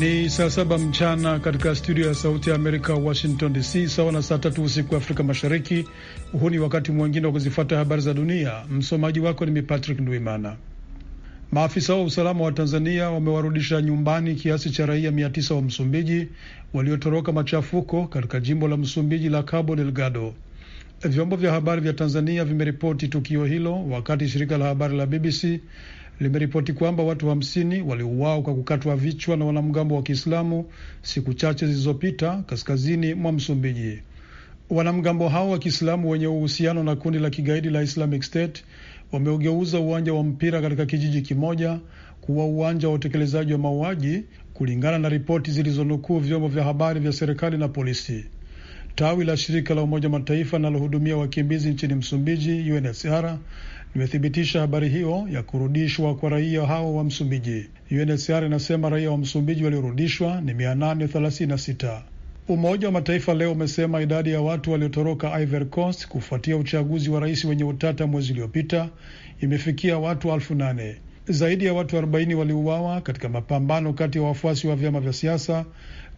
Ni saa saba mchana katika studio ya Sauti ya Amerika, Washington DC, sawa na saa tatu usiku Afrika Mashariki. Huu ni wakati mwingine wa kuzifata habari za dunia. Msomaji wako ni mimi Patrick Ndwimana. Maafisa wa usalama wa Tanzania wamewarudisha nyumbani kiasi cha raia mia tisa wa Msumbiji waliotoroka machafuko katika jimbo la Msumbiji la Cabo Delgado. Vyombo vya habari vya Tanzania vimeripoti tukio hilo wakati shirika la habari la BBC limeripoti kwamba watu hamsini waliuawa kwa kukatwa vichwa na wanamgambo wa Kiislamu siku chache zilizopita kaskazini mwa Msumbiji. Wanamgambo hao wa Kiislamu wenye uhusiano na kundi la kigaidi la Islamic State wameugeuza uwanja wa mpira katika kijiji kimoja kuwa uwanja wa utekelezaji wa mauaji, kulingana na ripoti zilizonukuu vyombo vya habari vya serikali na polisi. Tawi la shirika la Umoja Mataifa linalohudumia wakimbizi nchini Msumbiji, UNHCR, limethibitisha habari hiyo ya kurudishwa kwa raia hao wa Msumbiji. UNHCR inasema raia wa Msumbiji waliorudishwa ni 836. Umoja wa Mataifa leo umesema idadi ya watu waliotoroka Ivory Coast kufuatia uchaguzi wa rais wenye utata mwezi uliopita imefikia watu elfu nane. Zaidi ya watu 40 waliuawa katika mapambano kati ya wafuasi wa vyama vya siasa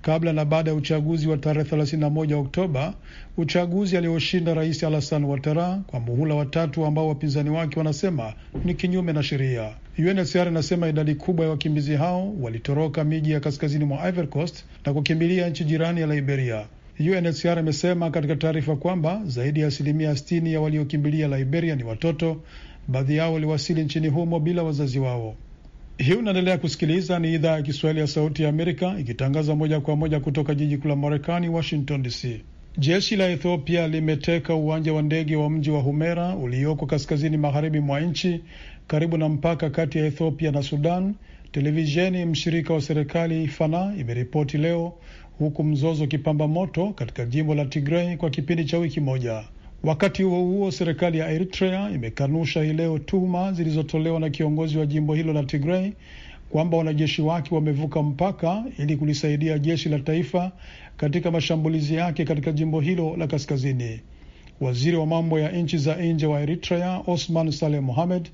kabla na baada ya uchaguzi wa tarehe 31 Oktoba, uchaguzi alioshinda Rais Alassane Ouattara kwa muhula watatu ambao wapinzani wake wanasema ni kinyume na sheria. UNHCR inasema idadi kubwa ya wakimbizi hao walitoroka miji ya kaskazini mwa Ivory Coast na kukimbilia nchi jirani ya Liberia. UNHCR imesema katika taarifa kwamba zaidi ya asilimia 60 ya waliokimbilia Liberia ni watoto, baadhi yao waliwasili nchini humo bila wazazi wao. Hii unaendelea kusikiliza, ni idhaa ya Kiswahili ya Sauti ya Amerika ikitangaza moja kwa moja kutoka jiji kuu la Marekani, Washington DC. Jeshi la Ethiopia limeteka uwanja wa ndege wa mji wa Humera ulioko kaskazini magharibi mwa nchi karibu na mpaka kati ya Ethiopia na Sudan, televisheni mshirika wa serikali Fana imeripoti leo, huku mzozo ukipamba moto katika jimbo la Tigrei kwa kipindi cha wiki moja. Wakati huo huo, serikali ya Eritrea imekanusha hii leo tuhuma zilizotolewa na kiongozi wa jimbo hilo la tigrei kwamba wanajeshi wake wamevuka mpaka ili kulisaidia jeshi la taifa katika mashambulizi yake katika jimbo hilo la kaskazini. Waziri wa mambo ya nchi za nje wa Eritrea Osman Saleh Mohamed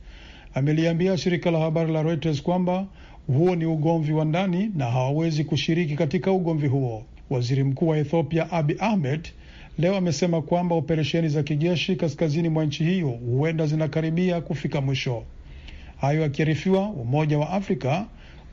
ameliambia shirika la habari la Reuters kwamba huo ni ugomvi wa ndani na hawawezi kushiriki katika ugomvi huo. Waziri mkuu wa Ethiopia Abi Ahmed leo amesema kwamba operesheni za kijeshi kaskazini mwa nchi hiyo huenda zinakaribia kufika mwisho. Hayo akiarifiwa, Umoja wa Afrika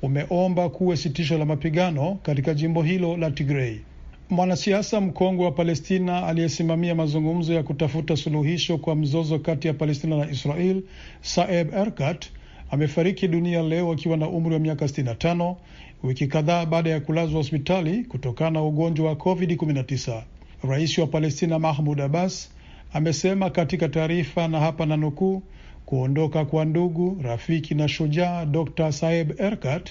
umeomba kuwe sitisho la mapigano katika jimbo hilo la Tigrei. Mwanasiasa mkongwe wa Palestina aliyesimamia mazungumzo ya kutafuta suluhisho kwa mzozo kati ya Palestina na Israel, Saeb Erkat amefariki dunia leo akiwa na umri wa miaka 65 wiki kadhaa baada ya kulazwa hospitali kutokana na ugonjwa wa COVID-19. Rais wa Palestina Mahmud Abbas amesema katika taarifa, na hapa na nukuu, kuondoka kwa ndugu, rafiki na shujaa Dr Saeb Erkat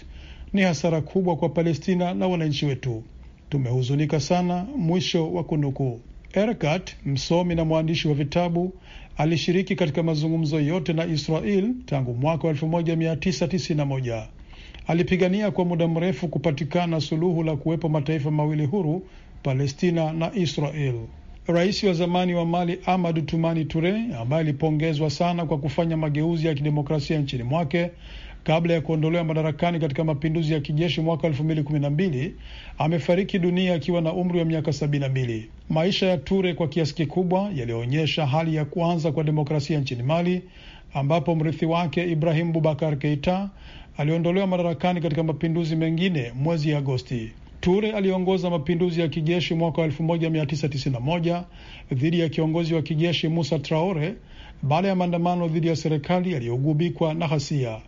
ni hasara kubwa kwa Palestina na wananchi wetu. Tumehuzunika sana, mwisho wa kunukuu. Erkat, msomi na mwandishi wa vitabu, alishiriki katika mazungumzo yote na Israel tangu mwaka wa 1991. Alipigania kwa muda mrefu kupatikana suluhu la kuwepo mataifa mawili huru Palestina na Israel. Rais wa zamani wa Mali Amadu Tumani Ture, ambaye alipongezwa sana kwa kufanya mageuzi ya kidemokrasia nchini mwake kabla ya kuondolewa madarakani katika mapinduzi ya kijeshi mwaka elfu mbili kumi na mbili amefariki dunia akiwa na umri wa miaka sabini na mbili. Maisha ya Ture kwa kiasi kikubwa yaliyoonyesha hali ya kwanza kwa demokrasia nchini Mali, ambapo mrithi wake Ibrahim Bubakar Keita aliondolewa madarakani katika mapinduzi mengine mwezi Agosti. Ture aliongoza mapinduzi ya kijeshi mwaka wa 1991 dhidi ya kiongozi wa kijeshi Musa Traore baada ya maandamano dhidi ya serikali yaliyogubikwa na ghasia.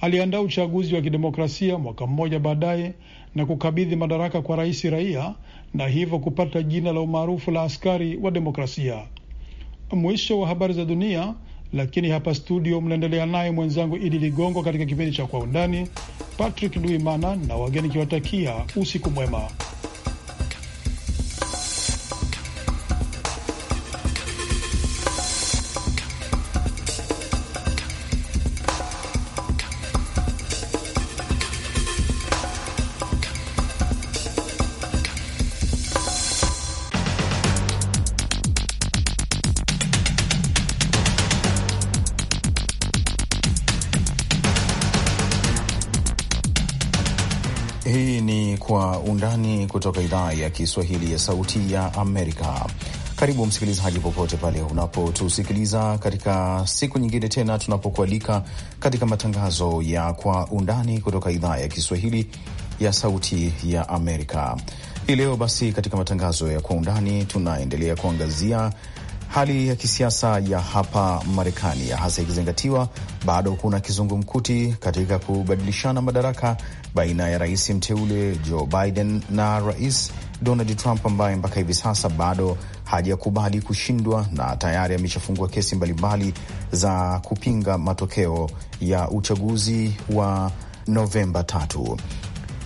Aliandaa uchaguzi wa kidemokrasia mwaka mmoja baadaye na kukabidhi madaraka kwa rais raia na hivyo kupata jina la umaarufu la askari wa demokrasia. Mwisho wa habari za dunia, lakini hapa studio mnaendelea naye mwenzangu Idi Ligongo katika kipindi cha Kwa Undani. Patrick duimana na wageni kiwatakia usiku mwema. kutoka idhaa ya Kiswahili ya Sauti ya Amerika. Karibu msikilizaji, popote pale unapotusikiliza katika siku nyingine tena, tunapokualika katika matangazo ya Kwa Undani kutoka idhaa ya Kiswahili ya Sauti ya Amerika. Hii leo basi, katika matangazo ya Kwa Undani tunaendelea kuangazia hali ya kisiasa ya hapa Marekani, hasa ikizingatiwa bado kuna kizungumkuti katika kubadilishana madaraka baina ya rais mteule Joe Biden na rais Donald Trump ambaye mpaka hivi sasa bado hajakubali kushindwa na tayari ameshafungua kesi mbalimbali za kupinga matokeo ya uchaguzi wa Novemba tatu.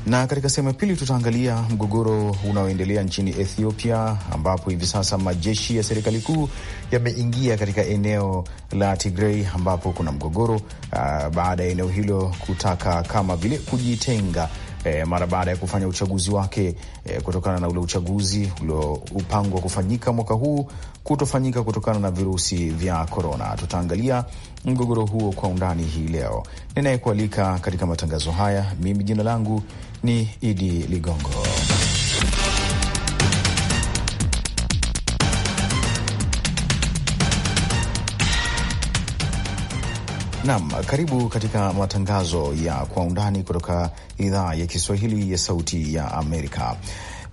Na katika sehemu ya pili tutaangalia mgogoro unaoendelea nchini Ethiopia, ambapo hivi sasa majeshi ya serikali kuu yameingia katika eneo la Tigrei, ambapo kuna mgogoro uh, baada ya eneo hilo kutaka kama vile kujitenga E, mara baada ya kufanya uchaguzi wake e, kutokana na ule uchaguzi ulioupangwa kufanyika mwaka huu kutofanyika kutokana na virusi vya korona. Tutaangalia mgogoro huo kwa undani hii leo. Ninayekualika katika matangazo haya mimi, jina langu ni Idi Ligongo. Nam, karibu katika matangazo ya kwa undani kutoka idhaa ya Kiswahili ya Sauti ya Amerika.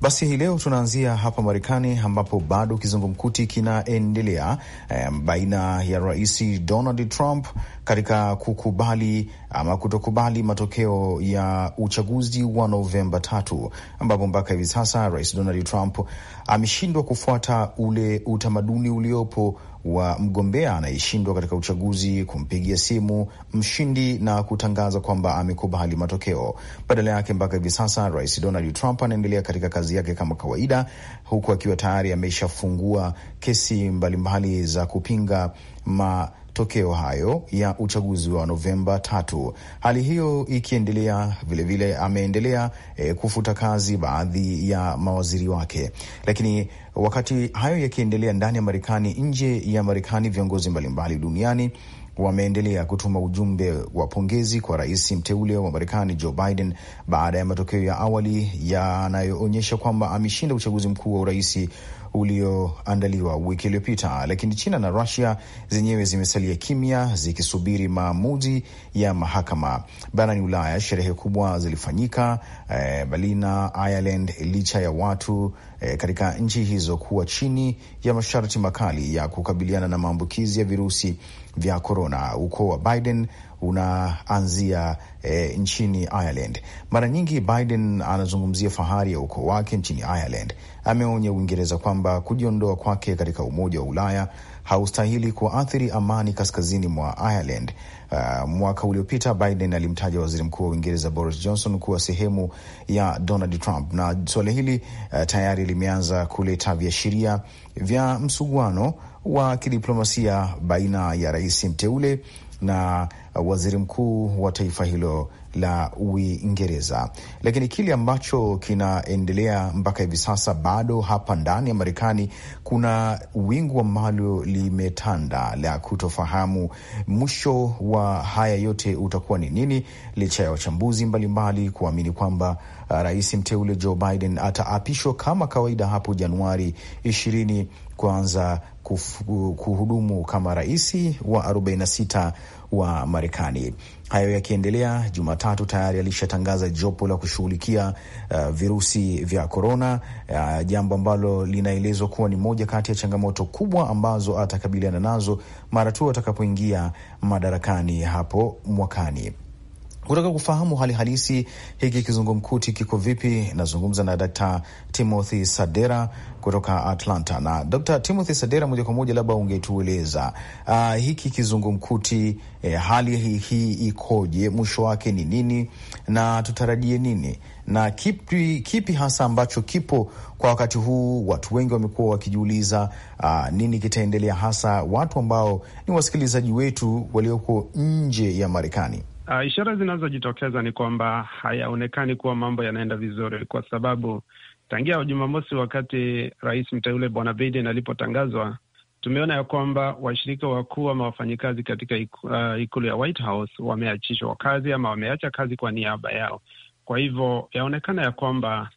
Basi hii leo tunaanzia hapa Marekani ambapo bado kizungumkuti kinaendelea eh, baina ya Rais Donald Trump katika kukubali ama kutokubali matokeo ya uchaguzi wa Novemba tatu, ambapo mpaka hivi sasa Rais Donald Trump ameshindwa kufuata ule utamaduni uliopo wa mgombea anayeshindwa katika uchaguzi kumpigia simu mshindi na kutangaza kwamba amekubali matokeo. Badala yake, mpaka hivi sasa Rais Donald Trump anaendelea katika kazi yake kama kawaida, huku akiwa tayari ameshafungua kesi mbalimbali mbali za kupinga ma matokeo hayo ya uchaguzi wa Novemba tatu. Hali hiyo ikiendelea, vilevile ameendelea e, kufuta kazi baadhi ya mawaziri wake, lakini wakati hayo yakiendelea ndani ya Marekani, nje ya Marekani, viongozi mbalimbali duniani wameendelea kutuma ujumbe wa pongezi kwa rais mteule wa Marekani Joe Biden baada ya matokeo ya awali yanayoonyesha kwamba ameshinda uchaguzi mkuu wa urais ulioandaliwa wiki iliyopita, lakini China na Rusia zenyewe zimesalia kimya zikisubiri maamuzi ya mahakama. Barani Ulaya sherehe kubwa zilifanyika eh, Berlin, Ireland, licha ya watu eh, katika nchi hizo kuwa chini ya masharti makali ya kukabiliana na maambukizi ya virusi vya korona. Ukoo wa Biden unaanzia e, nchini Ireland. Mara nyingi Biden anazungumzia fahari ya ukoo wake nchini Ireland. Ameonya Uingereza kwamba kujiondoa kwake katika Umoja wa Ulaya haustahili kuathiri amani kaskazini mwa Ireland. Uh, mwaka uliopita Biden alimtaja waziri mkuu wa Uingereza Boris Johnson kuwa sehemu ya Donald Trump, na suala hili uh, tayari limeanza kuleta viashiria vya msuguano wa kidiplomasia baina ya rais mteule na waziri mkuu wa taifa hilo la Uingereza. Lakini kile ambacho kinaendelea mpaka hivi sasa, bado hapa ndani ya Marekani kuna wingu ambalo limetanda la kutofahamu mwisho wa haya yote utakuwa ni nini, licha ya wachambuzi mbalimbali kuamini kwamba uh, rais mteule Joe Biden ataapishwa kama kawaida hapo Januari ishirini kuanza kuhudumu kama rais wa 46 wa Marekani. Hayo yakiendelea, Jumatatu tayari alishatangaza jopo la kushughulikia uh, virusi vya korona, uh, jambo ambalo linaelezwa kuwa ni moja kati ya changamoto kubwa ambazo atakabiliana nazo mara tu atakapoingia madarakani hapo mwakani. Kutaka kufahamu hali halisi hiki kizungumkuti kiko vipi, nazungumza na Dkt. Timothy Sadera kutoka Atlanta. Na Dkt. Timothy Sadera, moja kwa moja, labda ungetueleza uh, hiki kizungumkuti eh, hali hii hi, ikoje? Mwisho wake ni nini na tutarajie nini? Na kipi, kipi hasa ambacho kipo kwa wakati huu? Watu wengi wamekuwa wakijiuliza uh, nini kitaendelea, hasa watu ambao ni wasikilizaji wetu walioko nje ya Marekani. Uh, ishara zinazojitokeza ni kwamba hayaonekani kuwa mambo yanaenda vizuri, kwa sababu tangia Jumamosi, wakati rais mteule bwana Biden alipotangazwa, tumeona ya kwamba washirika wakuu ama wafanyikazi katika iku, uh, ikulu ya White House wameachishwa kazi ama wameacha kazi kwa niaba yao. Kwa hivyo yaonekana ya kwamba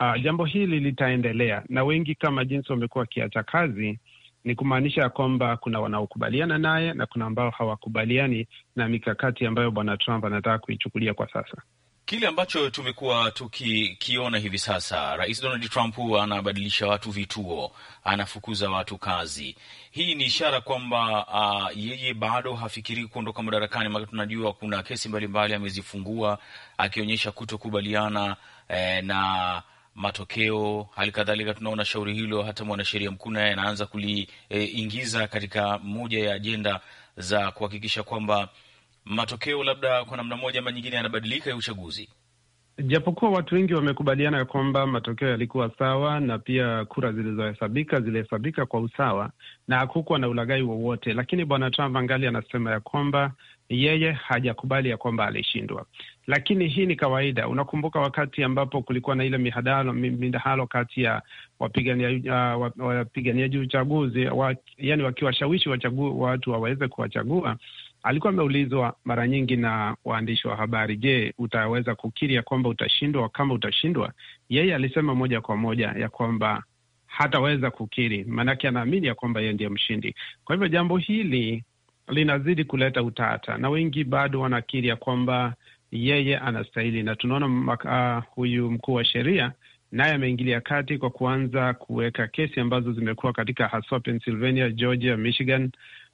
uh, jambo hili litaendelea, na wengi kama jinsi wamekuwa wakiacha kazi ni kumaanisha ya kwamba kuna wanaokubaliana naye na kuna ambao hawakubaliani na mikakati ambayo bwana Trump anataka kuichukulia kwa sasa. Kile ambacho tumekuwa tukikiona hivi sasa, rais Donald Trump anabadilisha watu vituo, anafukuza watu kazi. Hii ni ishara kwamba uh, yeye bado hafikiri kuondoka madarakani, maana tunajua kuna kesi mbalimbali amezifungua, akionyesha kutokubaliana eh, na matokeo. Hali kadhalika tunaona shauri hilo hata mwanasheria mkuu naye anaanza kuliingiza e, katika moja ya ajenda za kuhakikisha kwamba matokeo labda kwa namna moja ama nyingine yanabadilika ya uchaguzi, japokuwa watu wengi wamekubaliana kwamba matokeo yalikuwa sawa na pia kura zilizohesabika zilihesabika kwa usawa na hakukuwa na ulaghai wowote, lakini bwana Trump angali anasema ya kwamba yeye hajakubali ya kwamba alishindwa lakini hii ni kawaida. Unakumbuka wakati ambapo kulikuwa na ile mihadalo, midahalo kati ya uh, wapiganiaji uh, uchaguzi wa, yani wakiwashawishi watu waweze kuwachagua alikuwa ameulizwa mara nyingi na waandishi wa habari, je, utaweza kukiri ya kwamba utashindwa? Kama utashindwa, yeye alisema moja kwa moja ya kwamba hataweza kukiri, maanake anaamini ya kwamba yeye ndiye mshindi. Kwa hivyo jambo hili linazidi kuleta utata, na wengi bado wanakiri ya kwamba yeye anastahili, na tunaona uh, huyu mkuu wa sheria naye ameingilia kati kwa kuanza kuweka kesi ambazo zimekuwa katika haswa Pennsylvania, Georgia, Michigan.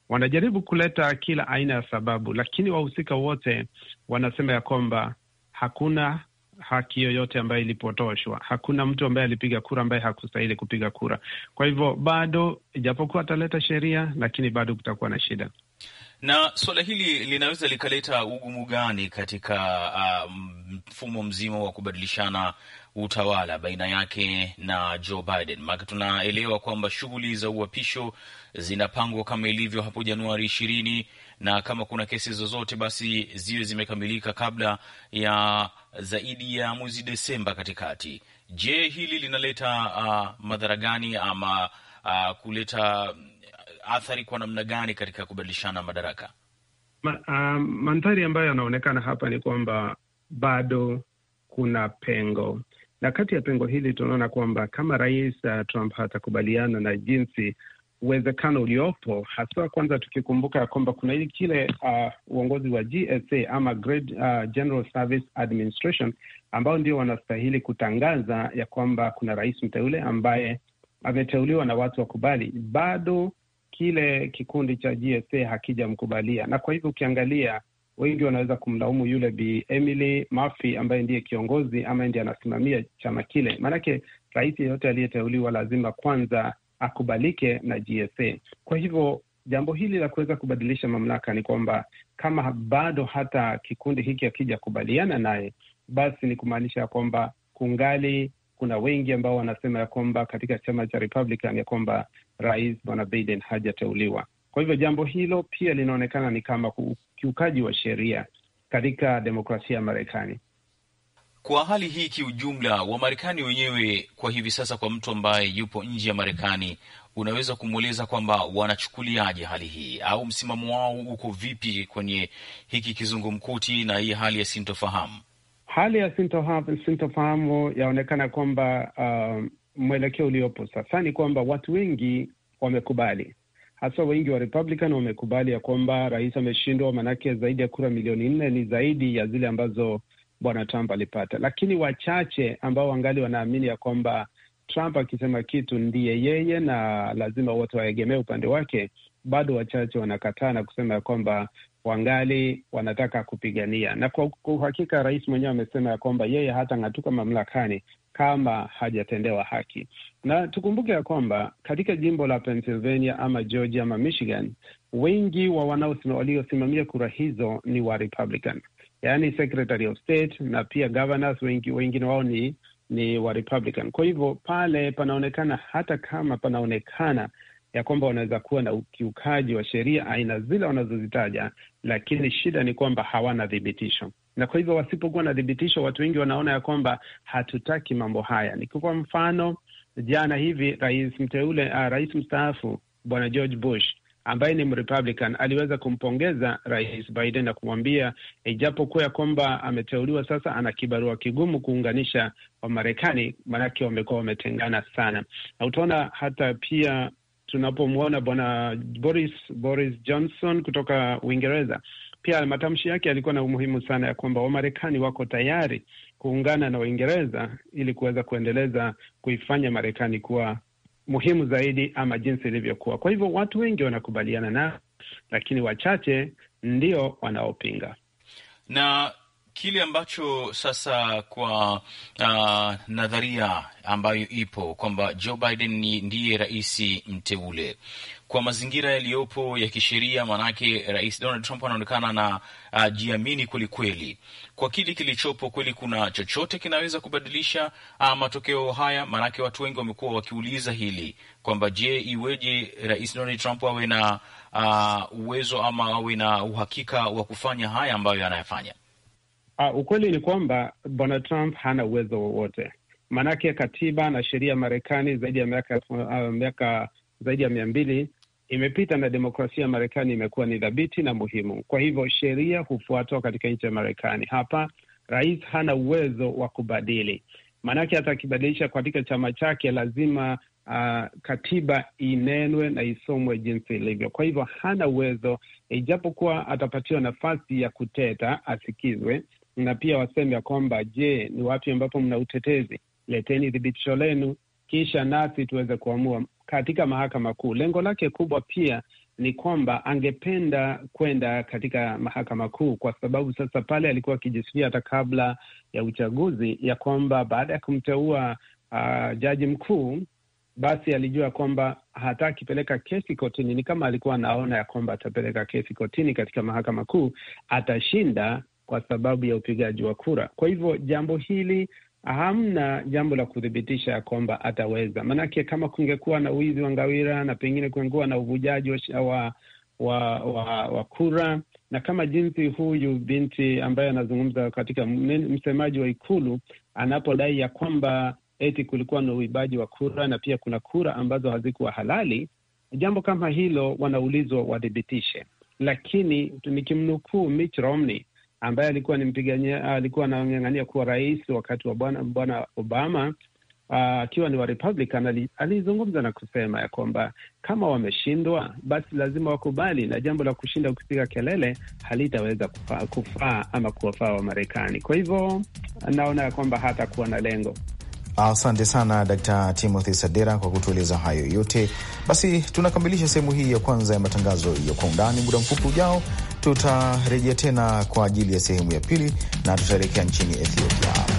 Wanajaribu kuleta kila aina ya sababu, lakini wahusika wote wanasema ya kwamba hakuna haki yoyote ambayo ilipotoshwa. Hakuna mtu ambaye alipiga kura ambaye hakustahili kupiga kura. Kwa hivyo bado, ijapokuwa ataleta sheria, lakini bado kutakuwa na shida. Na suala hili linaweza likaleta ugumu gani katika uh, mfumo um, mzima wa kubadilishana utawala baina yake na Joe Biden? Maana tunaelewa kwamba shughuli za uapisho zinapangwa kama ilivyo hapo Januari ishirini, na kama kuna kesi zozote basi ziwe zimekamilika kabla ya zaidi ya mwezi Desemba katikati. Je, hili linaleta uh, madhara gani ama uh, kuleta athari kwa namna gani katika kubadilishana madaraka? Ma, um, mandhari ambayo yanaonekana hapa ni kwamba bado kuna pengo, na kati ya pengo hili tunaona kwamba kama rais uh, Trump hatakubaliana na jinsi uwezekano uliopo haswa, kwanza tukikumbuka ya kwamba kuna hili kile uh, uongozi wa GSA ama Grade, uh, General Service Administration ambao ndio wanastahili kutangaza ya kwamba kuna rais mteule ambaye ameteuliwa na watu wakubali. Bado kile kikundi cha GSA hakijamkubalia, na kwa hivyo ukiangalia, wengi wanaweza kumlaumu yule Bi Emily Murphy ambaye ndiye kiongozi ama ndiye anasimamia chama kile, maanake rais yeyote aliyeteuliwa lazima kwanza akubalike na GSA. Kwa hivyo jambo hili la kuweza kubadilisha mamlaka ni kwamba kama bado hata kikundi hiki hakijakubaliana naye, basi ni kumaanisha ya kwamba kungali kuna wengi ambao wanasema ya kwamba katika chama cha Republican ya kwamba rais bwana Biden hajateuliwa. Kwa hivyo jambo hilo pia linaonekana ni kama ukiukaji wa sheria katika demokrasia ya Marekani. Kwa hali hii kiujumla, Wamarekani wenyewe kwa hivi sasa, kwa mtu ambaye yupo nje ya Marekani, unaweza kumweleza kwamba wanachukuliaje hali hii au msimamo wao uko vipi kwenye hiki kizungumkuti na hii hali ya sintofahamu? Hali ya sintofahamu yaonekana kwamba uh, mwelekeo uliopo sasa ni kwamba watu wengi wamekubali, hasa wengi wa Republican wamekubali ya kwamba rais ameshindwa, maanake zaidi ya kura milioni nne ni zaidi ya zile ambazo bwana Trump alipata, lakini wachache ambao wangali wanaamini ya kwamba Trump akisema kitu ndiye yeye na lazima wote waegemee upande wake, bado wachache wanakataa na kusema ya kwamba wangali wanataka kupigania. Na kwa uhakika, rais mwenyewe amesema ya kwamba yeye hata ng'atuka mamlakani kama hajatendewa haki. Na tukumbuke ya kwamba katika jimbo la Pennsylvania ama Georgia ama Michigan, wengi wa waliosimamia kura hizo ni wa Republican, yaani Secretary of State na pia governors wengi, wengine wao ni ni wa Republican. Kwa hivyo pale panaonekana, hata kama panaonekana ya kwamba wanaweza kuwa na ukiukaji wa sheria aina zile wanazozitaja, lakini shida ni kwamba hawana thibitisho, na kwa hivyo wasipokuwa na thibitisho, watu wengi wanaona ya kwamba hatutaki mambo haya. Ni kwa mfano jana hivi rais mteule, uh, rais mstaafu bwana George Bush ambaye ni Mrepublican aliweza kumpongeza rais Biden na kumwambia ijapokuwa ya kwamba ameteuliwa sasa, ana kibarua kigumu kuunganisha Wamarekani, maanake wamekuwa wametengana sana, na utaona hata pia tunapomwona bwana Boris, Boris Johnson kutoka Uingereza. Pia matamshi yake yalikuwa na umuhimu sana ya kwamba Wamarekani wako tayari kuungana na waingereza ili kuweza kuendeleza kuifanya Marekani kuwa muhimu zaidi ama jinsi ilivyokuwa. Kwa hivyo watu wengi wanakubaliana na lakini wachache ndio wanaopinga na kile ambacho sasa kwa uh, nadharia ambayo ipo kwamba Joe Biden ndiye rais mteule kwa mazingira yaliyopo ya kisheria, maanake rais Donald Trump anaonekana na uh, jiamini kwelikweli. Kwa kile kilichopo, kweli kuna chochote kinaweza kubadilisha uh, matokeo haya? Maanake watu wengi wamekuwa wakiuliza hili kwamba je, iweje rais Donald Trump awe na uh, uwezo ama awe na uhakika wa kufanya haya ambayo anayafanya? Uh, ukweli ni kwamba bwana Trump hana uwezo wowote, maanake katiba na sheria ya Marekani zaidi ya miaka uh, miaka zaidi ya mia mbili imepita na demokrasia ya Marekani imekuwa ni dhabiti na muhimu. Kwa hivyo sheria hufuatwa katika nchi ya Marekani. Hapa rais hana uwezo wa kubadili, maanake hata akibadilisha katika chama chake lazima uh, katiba inenwe na isomwe jinsi ilivyo. Kwa hivyo hana uwezo, ijapokuwa atapatiwa nafasi ya kuteta, asikizwe na pia waseme ya kwamba je, ni wapi ambapo mna utetezi? Leteni thibitisho lenu, kisha nasi tuweze kuamua katika mahakama kuu. Lengo lake kubwa pia ni kwamba angependa kwenda katika mahakama kuu, kwa sababu sasa pale alikuwa akijisikia hata kabla ya uchaguzi ya kwamba baada ya kumteua uh, jaji mkuu basi alijua kwamba hata akipeleka kesi kotini, ni kama alikuwa anaona ya kwamba atapeleka kesi kotini katika mahakama kuu, atashinda kwa sababu ya upigaji wa kura. Kwa hivyo jambo hili hamna jambo la kuthibitisha ya kwamba ataweza, maanake kama kungekuwa na wizi wa ngawira na pengine kungekuwa na uvujaji wa, wa, wa, wa kura na kama jinsi huyu binti ambaye anazungumza katika msemaji wa Ikulu anapodai ya kwamba eti kulikuwa na uibaji wa kura na pia kuna kura ambazo hazikuwa halali, jambo kama hilo wanaulizwa wathibitishe. Lakini nikimnukuu Mitch Romney ambaye alikuwa ni mpigania, alikuwa anang'ang'ania kuwa rais wakati wa bwana bwana Obama ah, akiwa uh, ni wa Republican, alizungumza na kusema ya kwamba kama wameshindwa basi lazima wakubali, na jambo la kushinda kupiga kelele halitaweza kufaa kufa, ama kuwafaa Wamarekani. Kwa hivyo naona ya kwamba hatakuwa na lengo. Asante sana Dkt. Timothy Sadera kwa kutueleza hayo yote. Basi tunakamilisha sehemu hii ya kwanza ya matangazo ya Kwa Undani. Muda mfupi ujao tutarejea tena kwa ajili ya sehemu ya pili na tutaelekea nchini Ethiopia.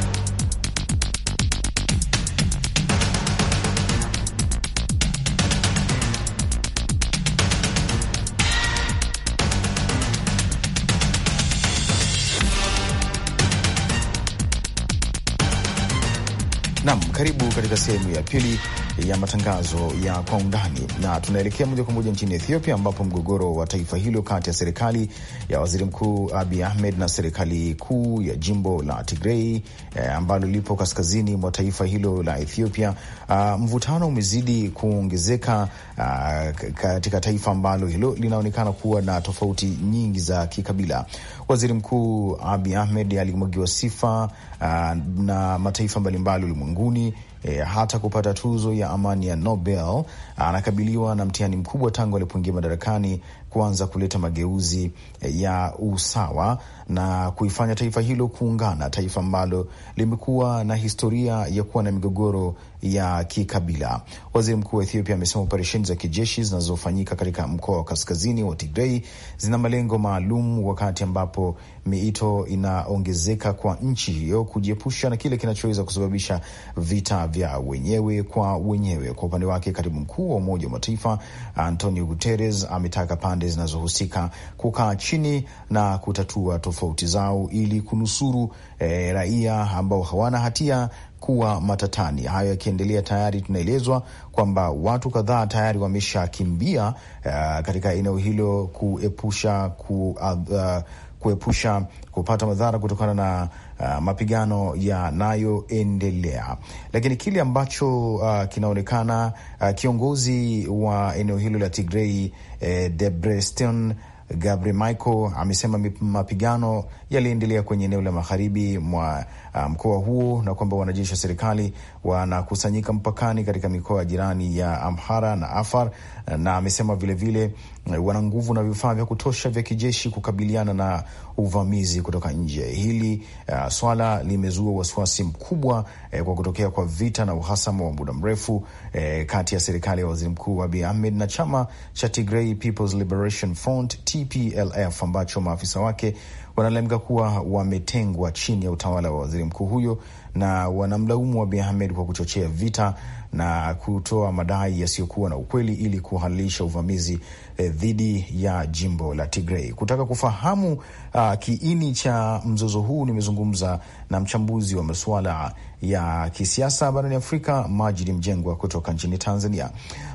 katika sehemu ya pili ya matangazo ya kwa undani, na tunaelekea moja kwa moja nchini Ethiopia ambapo mgogoro wa taifa hilo kati ya serikali ya waziri mkuu Abiy Ahmed na serikali kuu ya jimbo la Tigrei eh, ambalo lipo kaskazini mwa taifa hilo la Ethiopia. Uh, mvutano umezidi kuongezeka uh, katika taifa ambalo hilo linaonekana kuwa na tofauti nyingi za kikabila. Waziri mkuu Abiy Ahmed alimwagiwa sifa uh, na mataifa mbalimbali ulimwenguni e, hata kupata tuzo ya amani ya Nobel. Anakabiliwa na mtihani mkubwa tangu alipoingia madarakani kuanza kuleta mageuzi e, ya usawa na kuifanya taifa hilo kuungana, taifa ambalo limekuwa na historia ya kuwa na migogoro ya kikabila. Waziri mkuu wa Ethiopia amesema operesheni za kijeshi zinazofanyika katika mkoa wa kaskazini wa Tigrei zina malengo maalum, wakati ambapo miito inaongezeka kwa nchi hiyo kujiepusha na kile kinachoweza kusababisha vita vya wenyewe kwa wenyewe. Kwa upande wake, katibu mkuu wa Umoja wa Mataifa Antonio Guterres ametaka pande zinazohusika kukaa chini na kutatua tofauti zao ili kunusuru eh, raia ambao hawana hatia kuwa matatani. Hayo yakiendelea, tayari tunaelezwa kwamba watu kadhaa tayari wameshakimbia uh, katika eneo hilo kuepusha ku, uh, kuepusha kupata madhara kutokana na uh, mapigano yanayoendelea. Lakini kile ambacho uh, kinaonekana uh, kiongozi wa eneo hilo la Tigrei eh, Debreston Gabriel Michael amesema mapigano yaliendelea kwenye eneo la magharibi mwa Uh, mkoa huo na kwamba wanajeshi wa serikali wanakusanyika mpakani katika mikoa jirani ya Amhara na Afar, uh, na amesema vilevile uh, wana nguvu na vifaa vya kutosha vya kijeshi kukabiliana na uvamizi kutoka nje. Hili uh, swala limezua wasiwasi mkubwa eh, kwa kutokea kwa vita na uhasama wa muda mrefu eh, kati ya serikali ya waziri mkuu Abiy Ahmed na chama cha Tigray People's Liberation Front TPLF ambacho maafisa wake wanalalamika kuwa wametengwa chini ya utawala wa waziri mkuu huyo, na wanamlaumu Abiy Ahmed kwa kuchochea vita na kutoa madai yasiyokuwa na ukweli ili kuhalalisha uvamizi eh, dhidi ya jimbo la Tigray. Kutaka kufahamu uh, kiini cha mzozo huu, nimezungumza na mchambuzi wa masuala ya kisiasa barani Afrika, Majid Mjengwa kutoka nchini Tanzania.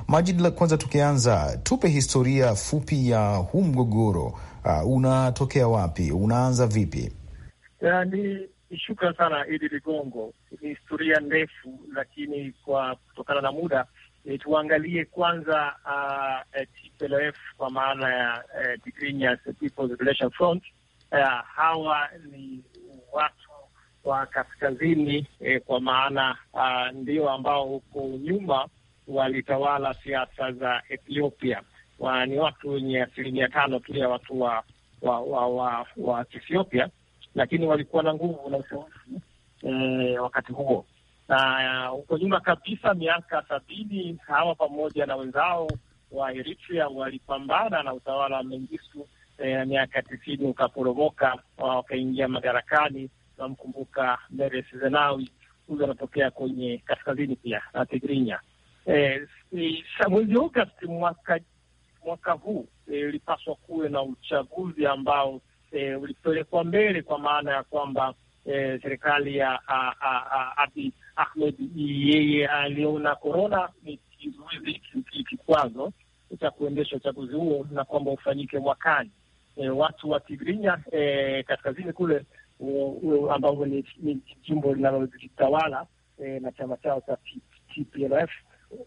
Majid, kwanza tukianza, tupe historia fupi ya huu mgogoro uh, unatokea wapi? Unaanza vipi? Ni shukran sana Idi Ligongo. Ni historia ndefu, lakini kwa kutokana na muda e, tuangalie kwanza uh, ah, eh, TPLF kwa maana ya uh, People's Liberation Front. Uh, hawa ni watu wa kaskazini eh, kwa maana uh, ndio ambao huko nyuma walitawala siasa za Ethiopia wa, ni watu wenye asilimia tano tu ya watu wa wa wa, wa, wa Ethiopia, lakini walikuwa na nguvu na ushawishi e, eh, wakati huo na huko nyuma kabisa miaka sabini hawa pamoja na wenzao wa Eritrea walipambana na utawala wa Mengistu eh, miaka tisini ukaporomoka, wakaingia madarakani. Namkumbuka Meles Zenawi, huyu anatokea kwenye kaskazini pia na Tigrinya. Eh, mwezi Agosti mwaka mwaka huu e, ilipaswa e, kuwe na uchaguzi ambao e, ulipelekwa mbele kwa maana ya kwamba e, serikali ya Abi Ahmed yeye aliona korona ni kizuizi kikwazo cha kuendesha uchaguzi huo na kwamba ufanyike mwakani. E, watu wa Tigrinya e, kaskazini kule ambao ni, ni jimbo linalojitawala e, na chama chao cha TPLF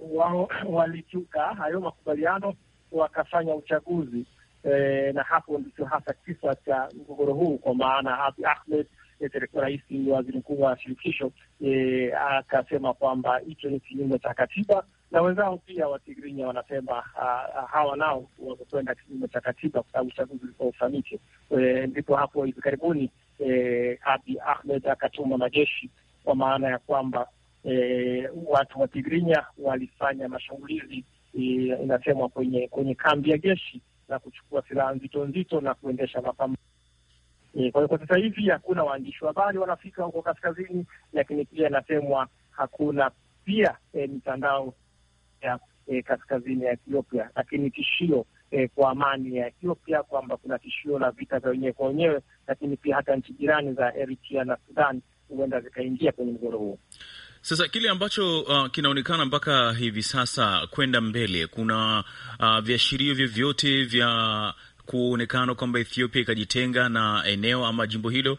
wao walikiuka hayo makubaliano wakafanya uchaguzi e, na hapo ndicho hasa kisa cha mgogoro huu, kwa maana Abiy Ahmed eh, rais waziri mkuu wa shirikisho e, akasema kwamba hicho ni kinyume cha katiba, na wenzao pia Watigrinya wanasema ah, ah, hawa nao wamekwenda kinyume cha katiba kwa sababu uchaguzi ulikuwa ufanyike. Ndipo hapo hivi karibuni e, Abi Ahmed akatuma majeshi kwa maana ya kwamba e, watu wa Tigrinya walifanya mashambulizi inasemwa kwenye kwenye kambi ya jeshi na kuchukua silaha nzito nzito na kuendesha mapambano. E, kwa hiyo kwa sasa hivi hakuna waandishi wa habari wanafika huko kaskazini, lakini pia inasemwa hakuna pia e, mitandao ya e, kaskazini ya Ethiopia, lakini tishio e, kwa amani ya Ethiopia kwamba kuna tishio la vita vya wenyewe kwa wenyewe, lakini pia hata nchi jirani za Eritrea na Sudan huenda zikaingia kwenye mgogoro huo. Sasa kile ambacho uh, kinaonekana mpaka hivi sasa kwenda mbele, kuna uh, viashirio vyovyote vya kuonekana kwamba Ethiopia ikajitenga na eneo ama jimbo hilo?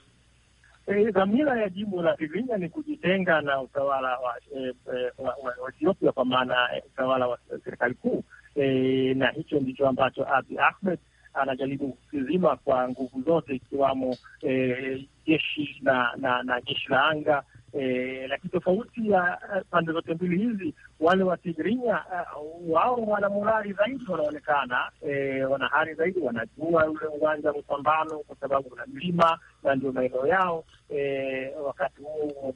Eh, dhamira e, ya jimbo la Tigrinya ni kujitenga na utawala wa, e, wa, wa, wa Ethiopia kwa maana utawala wa serikali kuu e, na hicho ndicho ambacho Abiy Ahmed anajaribu kukizima kwa nguvu zote ikiwamo e, jeshi na, na, na jeshi la anga Eh, lakini tofauti ya eh, pande zote mbili hizi, wale wa Tigrinya uh, wao wana morali zaidi, wanaonekana wana hari zaidi, wanajua ule uwanja wa mapambano kwa sababu na milima na ndio maeneo yao. wakati huu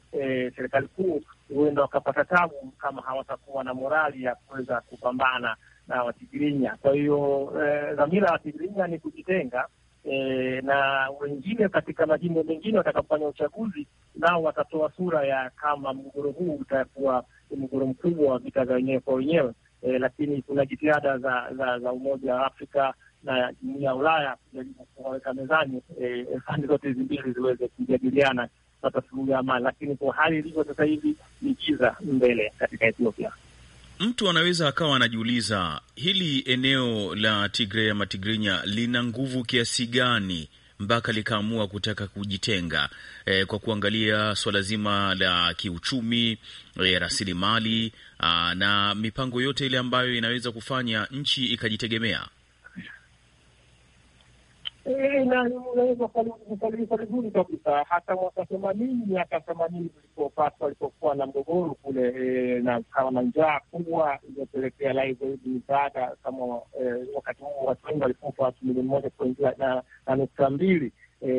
serikali kuu huenda wakapata tabu kama hawatakuwa na morali ya kuweza kupambana na Watigrinya. Kwa hiyo dhamira ya Watigrinya ni kujitenga e, na wengine katika majimbo mengine watakapofanya uchaguzi nao watatoa sura ya kama mgogoro huu utakuwa mgogoro mkubwa wa vita za wenyewe kwa wenyewe. E, lakini kuna jitihada za, za za Umoja wa Afrika na jumuia ya Ulaya kujaribu kuwaweka mezani e, zote hizi mbili ziweze kujadiliana kupata suluhu ya amani, lakini kwa hali ilivyo sasa hivi ni giza mbele katika Ethiopia. Mtu anaweza akawa anajiuliza hili eneo la tigre ya matigrinya lina nguvu kiasi gani mpaka likaamua kutaka kujitenga e, kwa kuangalia suala zima la kiuchumi e, rasilimali na mipango yote ile ambayo inaweza kufanya nchi ikajitegemea karibuni eh, kabisa, hata mwaka themanini, miaka themanini tulipopata walipokuwa na mgogoro kule eh, na kawa na njaa kubwa iliyopelekea lai zaidi misaada kama eh, wakati huo watu wengi walikufa, watu milioni moja kuingia na nukta mbili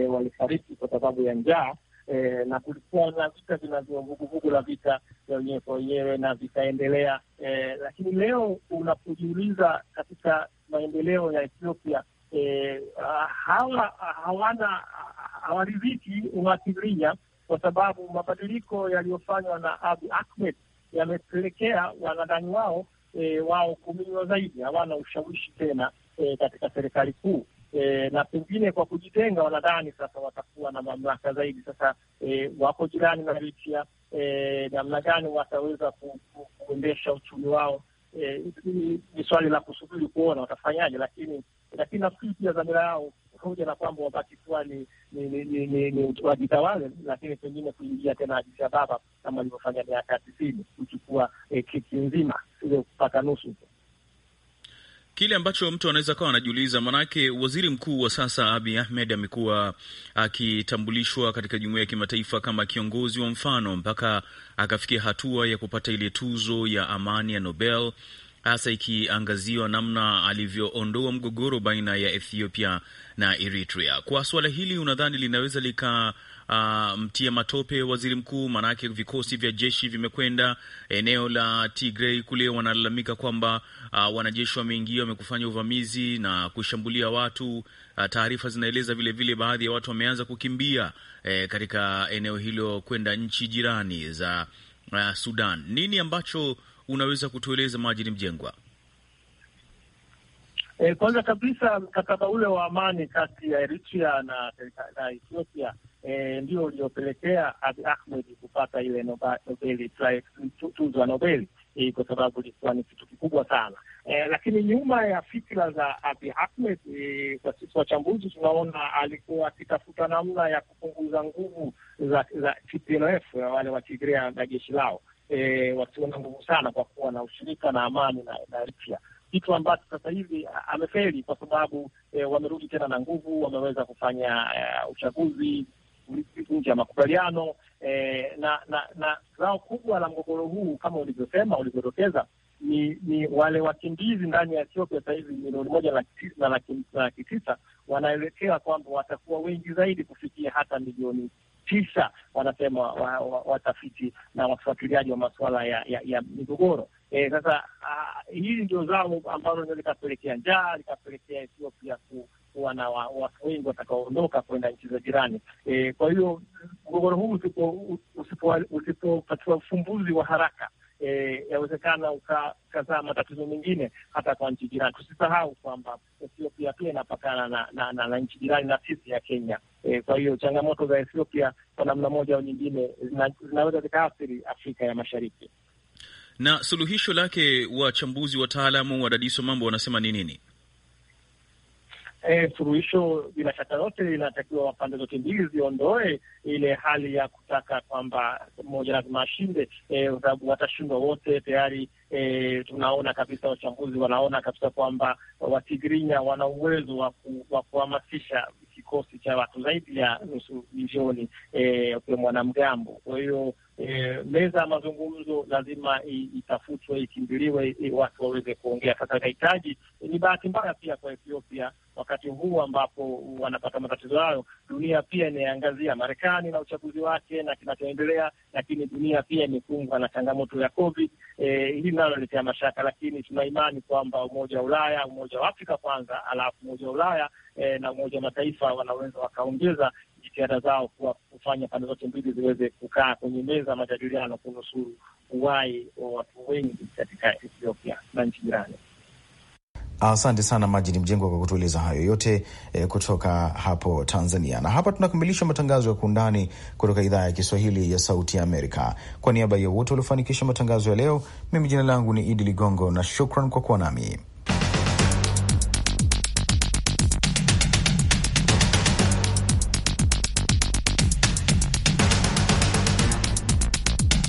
walifariki kwa sababu ya njaa. E, na kulikuwa na vita vinavyo vuguvugu la vita vya wenyewe kwa wenyewe na vikaendelea. E, lakini leo unapojiuliza katika maendeleo ya Ethiopia eh, hawa hawana hawaridhiki Umatigrinya kwa sababu mabadiliko yaliyofanywa na Abi Ahmed yamepelekea wanadani wao e, wao kuminywa zaidi, hawana ushawishi tena e, katika serikali kuu e, na pengine kwa kujitenga wanadani sasa watakuwa na mamlaka zaidi. Sasa e, wako jirani na Libya, namna gani wataweza kuendesha uchumi wao? E, ni swali la kusubiri kuona watafanyaje, lakini lakini nafikiri pia dhamira yao pamoja na kwamba wabaki kuwa ni ni ni, ni, ni wajitawale, lakini pengine kuingia tena Addis kama alivyofanya miaka tisini kuchukua eh, kiki nzima ile kupaka nusu kile ambacho mtu anaweza kawa anajiuliza, maanake waziri mkuu wa sasa Abi Ahmed amekuwa akitambulishwa katika jumuiya ya kimataifa kama kiongozi wa mfano mpaka akafikia hatua ya kupata ile tuzo ya amani ya Nobel hasa ikiangaziwa namna alivyoondoa mgogoro baina ya Ethiopia na Eritrea. Kwa suala hili, unadhani linaweza likamtia Uh, matope waziri mkuu, maanake vikosi vya jeshi vimekwenda eneo la Tigray kule, wanalalamika kwamba uh, wanajeshi wameingia, wamekufanya uvamizi na kushambulia watu. Uh, taarifa zinaeleza vilevile baadhi ya watu wameanza kukimbia eh, katika eneo hilo kwenda nchi jirani za uh, Sudan. Nini ambacho unaweza kutueleza Majini Mjengwa? E, kwanza kabisa mkataba ule wa amani kati ya Eritrea na, na Ethiopia e, ndio uliopelekea Abi Ahmed kupata ile Nobeli, tuzo ya Nobeli e, kwa sababu ilikuwa ni kitu kikubwa sana e, lakini nyuma ya fikra za Abi Ahmed e, kwa sisi wachambuzi tunaona alikuwa akitafuta namna ya kupunguza nguvu za, za TPLF wale wa Tigray na jeshi lao e, wasiwe na nguvu sana kwa kuwa na ushirika na amani na, na kitu ambacho sasa hivi amefeli kwa sababu e, wamerudi tena na nguvu, wameweza kufanya e, uchaguzi nje ya makubaliano e, na na na zao kubwa la mgogoro huu kama ulivyosema ulivyodokeza ni ni wale wakimbizi ndani ya Ethiopia. Sasa hivi milioni moja na laki tisa wanaelekea kwamba watakuwa wengi zaidi kufikia hata milioni tisa, wanasema watafiti wa, wa, wa na wafuatiliaji wa masuala ya, ya, ya migogoro. E, sasa hili ndio zao ambalo ndio likapelekea njaa likapelekea Ethiopia ku kuwa na watu wengi watakaoondoka kwenda nchi za jirani. E, kwa hiyo mgogoro huu usipopatiwa ufumbuzi wa haraka E, yawezekana ukakazaa matatizo mengine hata kwa nchi jirani. Tusisahau kwamba Ethiopia pia inapakana na, na, na, na nchi jirani na sisi ya Kenya. E, kwa hiyo changamoto za Ethiopia kwa namna moja au nyingine zina, zinaweza zikaathiri Afrika ya Mashariki na suluhisho lake. Wachambuzi, wataalamu, wadadisi wa mambo wanasema ni nini? E, suluhisho bila shaka yote inatakiwa pande zote mbili ziondoe ile hali ya kutaka kwamba mmoja lazima ashinde, eh, kwa sababu watashindwa wote tayari e, tunaona kabisa wachambuzi wanaona kabisa kwamba Watigrinya wana uwezo wa kuhamasisha kikosi cha watu zaidi ya nusu milioni e, kwa mwanamgambo. Kwa hiyo e, meza ya mazungumzo lazima itafutwe, ikimbiliwe, watu waweze kuongea. Sasa inahitaji ni bahati mbaya pia kwa Ethiopia wakati huu ambapo wanapata matatizo hayo, dunia pia inaangazia Marekani na uchaguzi wake na kinachoendelea, lakini dunia pia imekumbwa na changamoto ya COVID E, hili linalonitia mashaka, lakini tuna imani kwamba umoja wa Ulaya, umoja wa Afrika kwanza, alafu umoja wa Ulaya e, na umoja wa Mataifa wanaweza wakaongeza jitihada zao kuwa kufanya pande zote mbili ziweze kukaa kwenye meza majadiliano kunusuru uwai wa watu wengi katika Ethiopia na nchi jirani. Asante sana maji ni Mjengwa kwa kutueleza hayo yote e, kutoka hapo Tanzania. Na hapa tunakamilisha matangazo ya Kuundani kutoka idhaa ya Kiswahili ya Sauti ya Amerika. Kwa niaba ya wote waliofanikisha matangazo ya leo, mimi jina langu ni Idi Ligongo na shukran kwa kuwa nami.